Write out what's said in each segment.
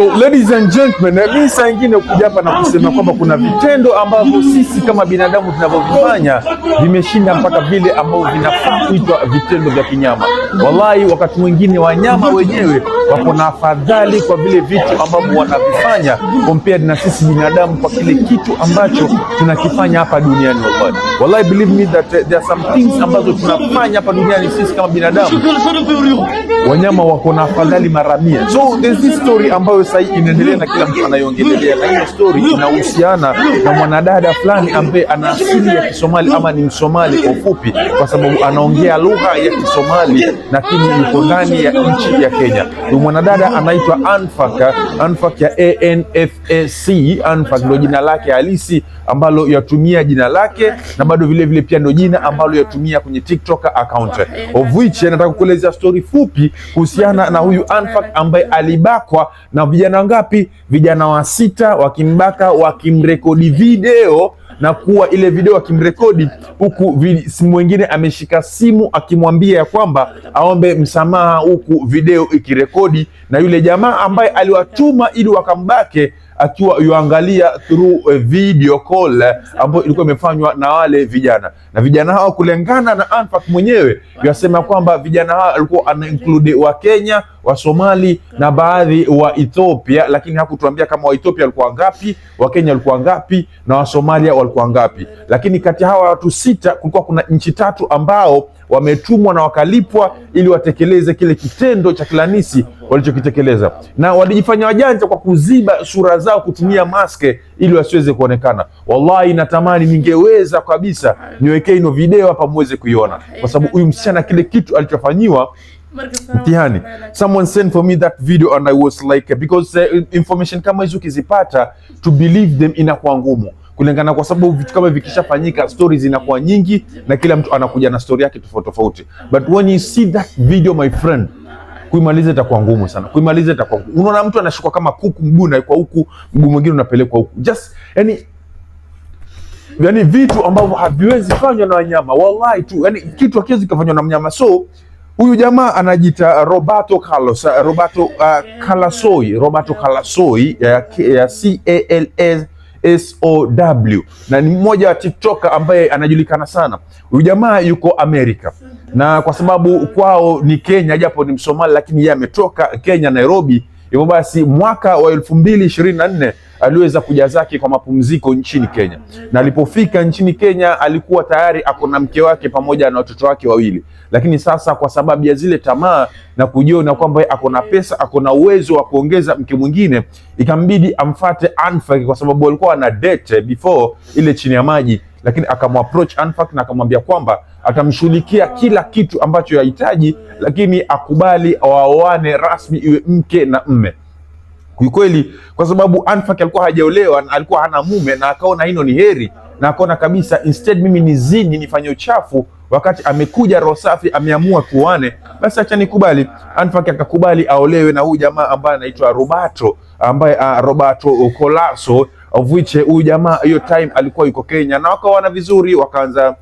So ladies and gentlemen, na mimi saa ingine kuja hapa na kusema kwamba kuna vitendo ambavyo sisi kama binadamu tunavyovifanya vimeshinda mpaka vile ambavyo vinafaa kuitwa vitendo vya kinyama. Wallahi, wakati mwingine wanyama wenyewe wako na afadhali kwa vile vitu ambavyo wanavifanya compared na sisi binadamu kwa kile kitu ambacho tunakifanya hapa duniani. Wallahi, wallahi believe me that there are some things ambazo tunafanya hapa duniani sisi kama binadamu, wanyama wako na afadhali mara mia. So there's this story ambayo sasa hii inaendelea na kila mtu anayoongelea, na hiyo stori inahusiana na mwanadada fulani ambaye ana asili ya Kisomali ama ni Msomali kwa ufupi, kwa sababu anaongea lugha ya Kisomali lakini yuko ndani ya nchi ya Kenya. Ni mwanadada anaitwa Anfak, Anfak ya ANFAC. Anfaka ndio jina lake halisi ambalo yatumia jina lake na bado vile vile pia ndio jina ambalo yatumia kwenye TikTok account. Of which nataka kueleza stori fupi kuhusiana na huyu Anfaka ambaye alibakwa na vijana wangapi? Vijana wasita wakimbaka, wakimrekodi video na kuwa ile video akimrekodi huku simu wengine ameshika simu akimwambia ya kwamba aombe msamaha huku video ikirekodi, na yule jamaa ambaye aliwatuma ili wakambake akiwa yuangalia through eh, video call eh, ambayo ilikuwa imefanywa na wale vijana, na vijana hao kulingana na Anfac mwenyewe yasema kwamba vijana hao alikuwa ana include wa Kenya, wa Somali na baadhi wa Ethiopia, lakini hakutuambia kama wa Ethiopia walikuwa ngapi, wa Kenya walikuwa ngapi na wa Somalia walikuwa ngapi, lakini kati ya hawa watu sita kulikuwa kuna nchi tatu ambao wametumwa na wakalipwa ili watekeleze kile kitendo cha kilanisi walichokitekeleza, na walijifanya wajanja kwa kuziba sura zao kutumia maske ili wasiweze kuonekana. Wallahi, natamani ningeweza kabisa niwekee ino video hapa muweze kuiona, kwa sababu huyu msichana kile kitu alichofanyiwa mtihani. Someone sent for me that video and I was like because uh, information kama hizo ukizipata to believe them inakuwa ngumu kulingana, kwa sababu vitu kama vikishafanyika stori zinakuwa nyingi na kila mtu anakuja na stori yake tofauti tofauti, but when you see that video my friend kuimaliza itakuwa ngumu sana, kuimaliza itakuwa ngumu. Unaona mtu anashikwa kama kuku, mguu na unaekwa huku, mguu mwingine unapelekwa huku, just yani yani vitu ambavyo haviwezi fanywa na wanyama, wallahi tu, yani kitu hakiwezi kufanywa na mnyama. So huyu jamaa anajiita Roberto Carlos, uh, Roberto uh, Calasoi, Roberto Calasoi ya uh, ya uh, C A L S SOW na ni mmoja wa TikToker ambaye anajulikana sana. Huyu jamaa yuko Amerika mhm. na kwa sababu kwao ni Kenya, japo ni Msomali, lakini yeye ametoka Kenya, Nairobi, Hivyo basi mwaka wa elfu mbili ishirini na nne aliweza kuja zake kwa mapumziko nchini Kenya, na alipofika nchini Kenya alikuwa tayari ako na mke wake pamoja na watoto wake wawili, lakini sasa kwa sababu ya zile tamaa na kujiona kwamba ako na pesa, ako na uwezo wa kuongeza mke mwingine, ikambidi amfate Anfac kwa sababu walikuwa wana date before ile chini ya maji lakini akamapproach Anfac na akamwambia kwamba atamshughulikia kila kitu ambacho yahitaji, lakini akubali waoane rasmi, iwe mke na mme kiukweli, kwa sababu Anfac alikuwa hajaolewa na alikuwa hana mume, na akaona hino ni heri, na akaona kabisa instead mimi nizini nifanye uchafu wakati amekuja roho safi, ameamua kuoane, basi acha nikubali. Anfac akakubali aolewe na huyu jamaa ambaye anaitwa Roberto ambaye uh, Roberto Colaso of which eh, huyu jamaa hiyo time alikuwa yuko Kenya na wakawana vizuri, wakaanza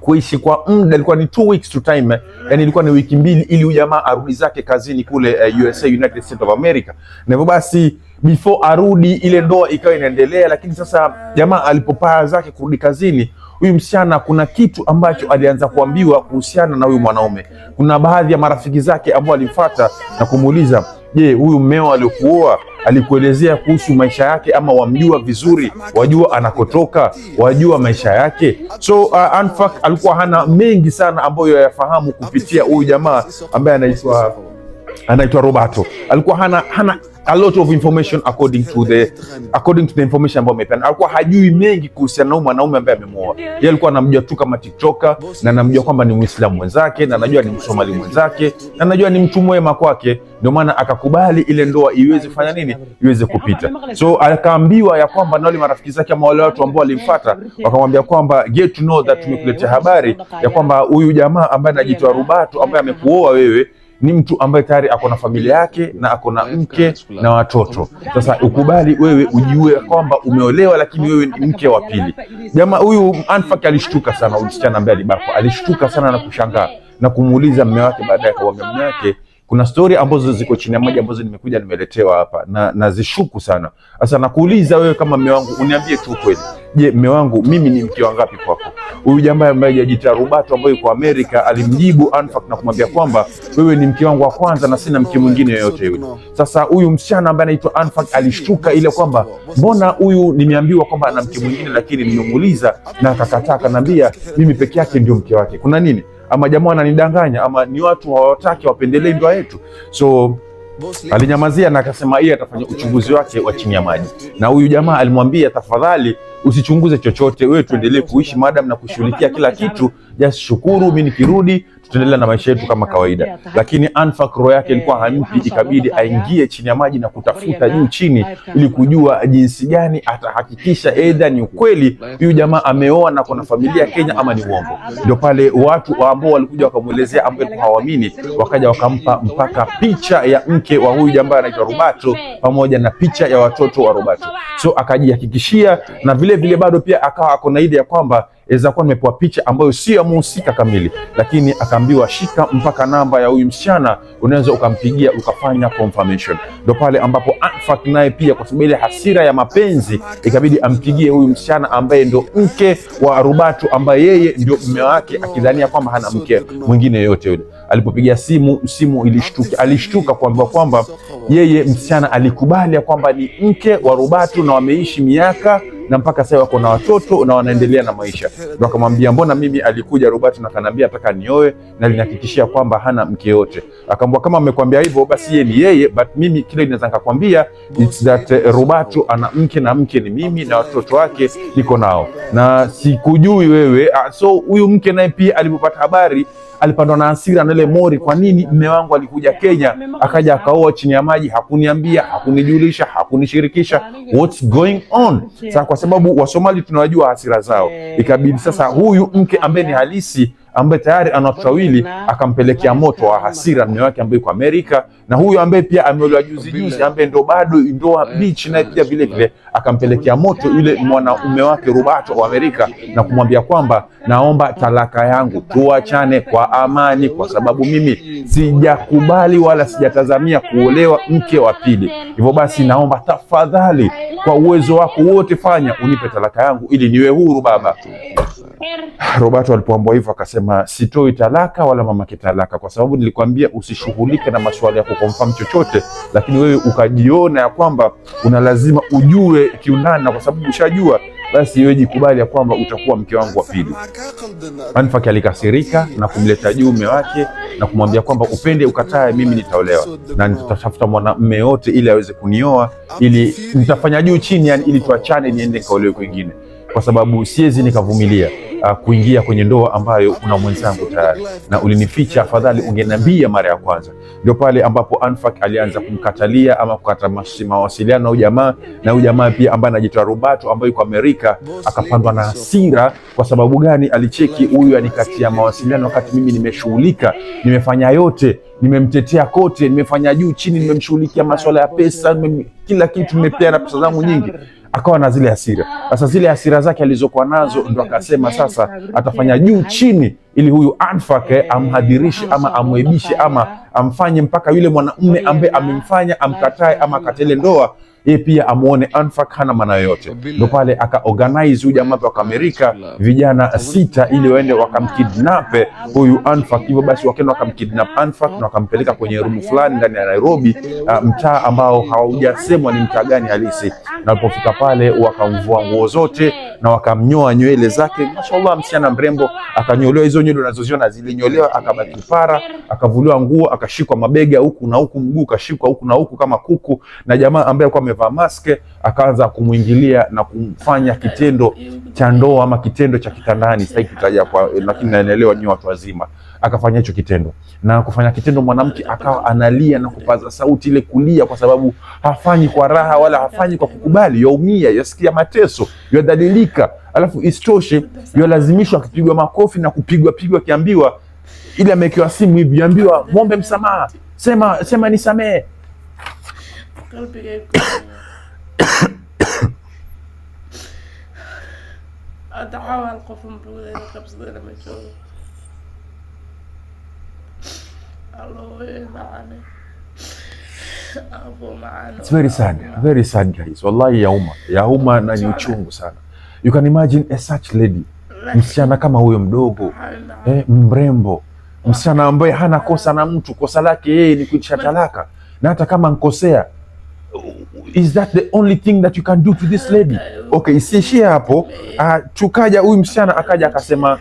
kuishi kwa muda, ilikuwa ni two weeks to time, eh, yani ilikuwa ni wiki mbili, ili huyu jamaa arudi zake kazini kule uh, eh, USA, United States of America. Na hivyo basi before arudi ile ndoa ikawa inaendelea, lakini sasa jamaa alipopaa zake kurudi kazini huyu msichana kuna kitu ambacho alianza kuambiwa kuhusiana na huyu mwanaume. Kuna baadhi ya marafiki zake ambao alimfuata na kumuuliza, je, huyu mmeo aliokuoa alikuelezea kuhusu maisha yake, ama wamjua vizuri, wajua anakotoka, wajua maisha yake. So uh, Anfac alikuwa hana mengi sana ambayo yayafahamu kupitia huyu jamaa ambaye anaitwa anaitwa Roberto, alikuwa hana hana a lot of information according to the according to the information ambayo amepeana. Alikuwa hajui mengi kuhusiana na mwanaume ambaye amemuoa. Yeye alikuwa anamjua tu kama TikToker na anamjua kwamba ni Muislamu mwenzake na anajua ni Msomali mwenzake na anajua ni mtu mwema kwake, ndio maana akakubali ile ndoa iweze kufanya nini, iweze kupita. So akaambiwa ya kwamba na wale marafiki zake ama wale watu ambao walimfuata wakamwambia kwamba get to know that tumekuletea habari ya kwamba huyu jamaa ambaye anajitoa Rubatu ambaye amekuoa wewe ni mtu ambaye tayari ako na familia yake na ako na mke na watoto. Sasa ukubali wewe ujue kwamba umeolewa, lakini wewe ni mke wa pili. Jamaa huyu Anfack alishtuka sana, msichana ambaye alibakwa alishtuka sana na kushangaa na kumuuliza mme wake, baadaye akamwambia mme wake kuna stori ambazo ziko chini ya maji ambazo nimekuja nimeletewa hapa na nazishuku sana. Sasa nakuuliza wewe kama mme wangu, uniambie tu kweli. Je, mme wangu mimi ni mke wangapi kwako? Huyu jamaa ambaye Jaji Tarubatu ambaye yuko Amerika alimjibu Anfac na kumwambia kwamba wewe ni mke wangu wa kwanza na sina mke mwingine yoyote yule. Sasa huyu msichana ambaye anaitwa Anfac alishtuka ile kwamba mbona huyu nimeambiwa kwamba ana mke mwingine, lakini nimemuuliza na akakataa, kanaambia mimi peke yake ndio mke wake. Kuna nini? Ama jamaa ananidanganya, ama ni watu hawataki wapendelee ndoa yetu so Alinyamazia na akasema yeye atafanya uchunguzi wake wa chini ya maji, na huyu jamaa alimwambia, tafadhali usichunguze chochote, wewe tuendelee kuishi madam na kushughulikia kila kitu, just shukuru, mimi nikirudi tunaendelea na maisha yetu kama kawaida. Lakini Anfak roho yake ilikuwa hampi, ikabidi aingie chini ya maji na kutafuta juu chini, ili kujua jinsi gani atahakikisha aidha ni ukweli huyu jamaa ameoa na kuna familia Kenya ama ni uongo. Ndio pale watu ambao walikuja wakamwelezea, ambao hawaamini, wakaja wakampa mpaka picha ya mke wa huyu jamaa anaitwa Rubato pamoja na picha ya watoto wa Rubato, so akajihakikishia na vilevile vile bado pia akawa ako na idea ya kwamba Inaweza kuwa nimepewa picha ambayo sio ya muhusika kamili, lakini akaambiwa shika mpaka namba ya huyu msichana, unaweza ukampigia ukafanya confirmation. Ndo pale ambapo Anfac naye pia, kwa sababu ile hasira ya mapenzi, ikabidi ampigie huyu msichana ambaye ndo mke wa Rubatu, ambaye yeye ndio mume wake, akidhania kwamba hana mke mwingine yoyote yule alipopiga simu simu ilishtuka, alishtuka kwamba kwamba yeye msichana alikubali ya kwamba ni mke wa Rubatu na wameishi miaka na mpaka sasa wako na watoto na wanaendelea na maisha. Ndo akamwambia mbona mimi alikuja Rubatu na kanambia nataka nioe na linahakikishia kwamba hana mke yote. Akamwambia kama amekwambia hivyo basi yeye ni yeye, but mimi kile ninaweza nikakwambia it's that Rubatu ana mke na mke ni mimi na watoto wake niko nao na sikujui wewe. Ah, so huyu mke naye pia alipopata habari alipandwa na hasira na ile mori, kwa nini mme wangu alikuja Kenya akaja akaoa chini ya maji, hakuniambia, hakunijulisha, hakunishirikisha, what's going on? Sasa kwa sababu Wasomali tunawajua hasira zao, eh, ikabidi sasa eh, huyu mke ambaye ni eh. halisi ambaye tayari ana watoto wawili akampelekea moto wa hasira mume wake ambaye yuko Amerika, na huyu ambaye pia ameolewa juzi juzi, ambaye ndo bado ndoa eh, bichi, eh, naye pia eh, vile vile akampelekea moto yule mwanaume wake Rubato wa Amerika na kumwambia kwamba naomba talaka yangu, tuachane kwa amani, kwa sababu mimi sijakubali wala sijatazamia kuolewa mke wa pili. Hivyo basi, naomba tafadhali, kwa uwezo wako wote, fanya unipe talaka yangu ili niwe huru, baba. Rubato alipoambwa hivyo akasema akasema sitoi talaka wala mamake talaka, kwa sababu nilikwambia usishughulike na masuala ya kukonfirm chochote, lakini wewe ukajiona ya kwamba una lazima ujue kiundani, na kwa sababu ushajua basi wewe jikubali ya kwamba utakuwa mke wangu wa pili. Anfaki alikasirika na kumleta juu mume wake na kumwambia kwamba upende ukatae, mimi nitaolewa na nitatafuta mwanamume yote ili aweze kunioa, ili nitafanya juu chini, yani ili tuachane, niende kaolewe kwingine kwa sababu siwezi nikavumilia uh, kuingia kwenye ndoa ambayo una mwenzangu tayari na ulinificha. Afadhali ungeniambia mara ya kwanza. Ndio pale ambapo Anfac alianza kumkatalia ama kukata mawasiliano na ujamaa na ujamaa pia ambaye anajitoa Rubato ambaye yuko Amerika, akapandwa na hasira. Kwa sababu gani? Alicheki huyu anikatia mawasiliano wakati mimi nimeshughulika, nimefanya yote nimemtetea kote, nimefanya juu chini, nimemshughulikia masuala ya pesa, kila kitu, nimepeana pesa zangu nyingi akawa na zile hasira. Sasa zile hasira zake alizokuwa nazo ndo akasema sasa atafanya juu chini, ili huyu anfake eh, amhadhirishe ama amwebishe ama amfanye mpaka yule mwanaume ambaye amemfanya amkatae ama akatele ndoa yeye pia amuone Anfac hana maana yoyote. Ndo pale aka organize huyu jamaa Amerika vijana sita ili waende wakamkidnape huyu Anfac. Hivyo basi wakaenda wakamkidnap Anfac na wakampeleka kwenye rumu fulani ndani ya Nairobi, uh, mtaa ambao hawaujasemwa ni mtaa gani halisi, na walipofika pale wakamvua nguo zote na wakamnyoa nywele zake. Mashallah, msichana mrembo akanyolewa hizo nywele unazoziona zilinyolewa, akabaki para, akavuliwa nguo, akashikwa mabega huku na huku, mguu kashikwa huku na huku kama kuku, na jamaa ambaye alikuwa amevaa maske, akaanza kumwingilia na kumfanya kitendo cha ndoa ama kitendo cha kitandani, sitaki kutaja kwa, lakini naelewa nyinyi watu wazima. Akafanya hicho kitendo na kufanya kitendo, mwanamke akawa analia na kupaza sauti, ile kulia kwa sababu hafanyi kwa raha wala hafanyi kwa kukubali, yaumia, yasikia mateso, yadhalilika, alafu istoshe yalazimishwa, akipigwa makofi na kupigwa pigwa, akiambiwa ile amewekewa simu hivi, yaambiwa mwombe msamaha, sema sema nisamehe hadda caawa hal qofun buuda ina qabsadana ma joogo It's very sad, very sad guys. Wallahi yauma yauma na ni uchungu sana. You can imagine a such lady, msichana kama huyo mdogo eh, mrembo, msichana ambaye hana kosa na mtu, kosa lake yeye ni kuitisha talaka, na hata kama nkosea Is that the only thing that you can do to this lady? Uh, okay, isiishie hapo. Uh, ah, tukaja huyu msichana akaja akasema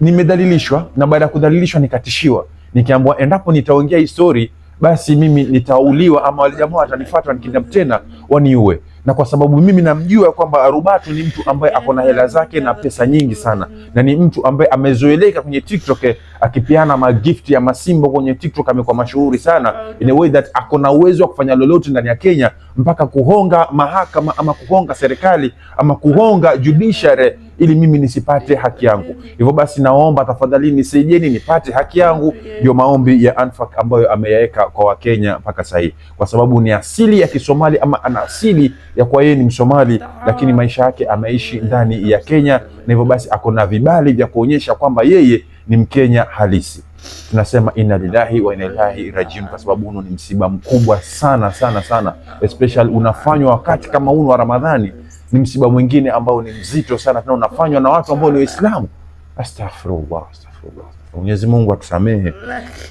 nimedhalilishwa, nime na baada ya kudhalilishwa nikatishiwa, nikaambiwa endapo nitaongea hii story basi mimi nitauliwa, ama wale jamaa watanifuata nikidamu tena waniue. Na kwa sababu mimi namjua kwamba Arubatu ni mtu ambaye ako na hela zake na pesa nyingi sana, na ni mtu ambaye amezoeleka kwenye TikTok eh, akipeana magifti ya masimbo kwenye TikTok. Amekuwa mashuhuri sana in a way that ako na uwezo wa kufanya lolote ndani ya Kenya, mpaka kuhonga mahakama ama kuhonga serikali ama kuhonga judiciary ili mimi nisipate haki yangu. Hivyo basi, naomba tafadhali nisaidieni nipate haki yangu. Ndio maombi ya Anfac ambayo ameyaweka kwa Wakenya mpaka sasa hivi, kwa sababu ni asili ya Kisomali ama ana asili ya kwa yeye ni Msomali, lakini maisha yake ameishi ndani ya Kenya, na hivyo basi ako na vibali vya kuonyesha kwamba yeye ni Mkenya halisi. Tunasema inna lillahi wa inna ilaihi rajiun, kwa sababu huno ni msiba mkubwa sana sana sana, especially unafanywa wakati kama uno wa Ramadhani ni msiba mwingine ambao ni mzito sana, tena unafanywa na watu ambao ni Waislamu. Astaghfirullah, astaghfirullah. Mwenyezi Mungu atusamehe,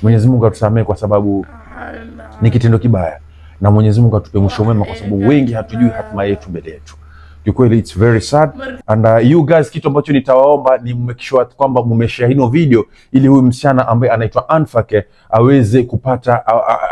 Mwenyezi Mungu atusamehe kwa sababu ni kitendo kibaya, na Mwenyezi Mungu atupe mwisho mwema, kwa sababu wengi hatujui hatima yetu mbele yetu. Kiukweli it's very sad and uh, you guys, kitu ambacho nitawaomba ni make sure kwamba mumeshare hino video ili huyu msichana ambaye anaitwa Anfake aweze kupata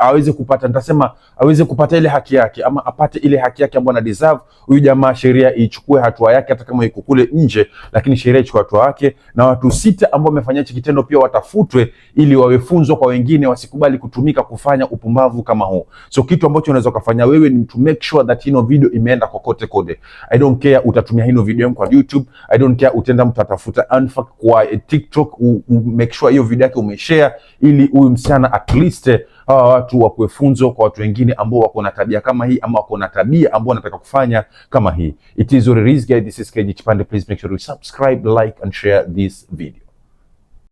aweze kupata nitasema aweze kupata ile haki yake, ama apate ile haki yake ambayo ana deserve. Huyu jamaa sheria ichukue hatua yake, hata kama iko kule nje, lakini sheria ichukue hatua yake, na watu sita ambao wamefanya hicho kitendo pia watafutwe, ili wawefunzwa kwa wengine, wasikubali kutumika kufanya upumbavu kama huu. So kitu ambacho unaweza kufanya wewe ni to make sure that hino video imeenda kokote kode. I don't care utatumia hino video yangu kwa YouTube, I don't care utenda mtu atafuta unfuck kwa TikTok, u, u make sure hiyo video yake umeshare ili huyu msichana at least eh, hawa watu wakuwe funzo kwa watu wengine ambao wako na tabia kama hii ama wako na tabia ambao wanataka kufanya kama hii. It is your risk guys, This is KG Chipande. Please make sure you subscribe, like and share this video.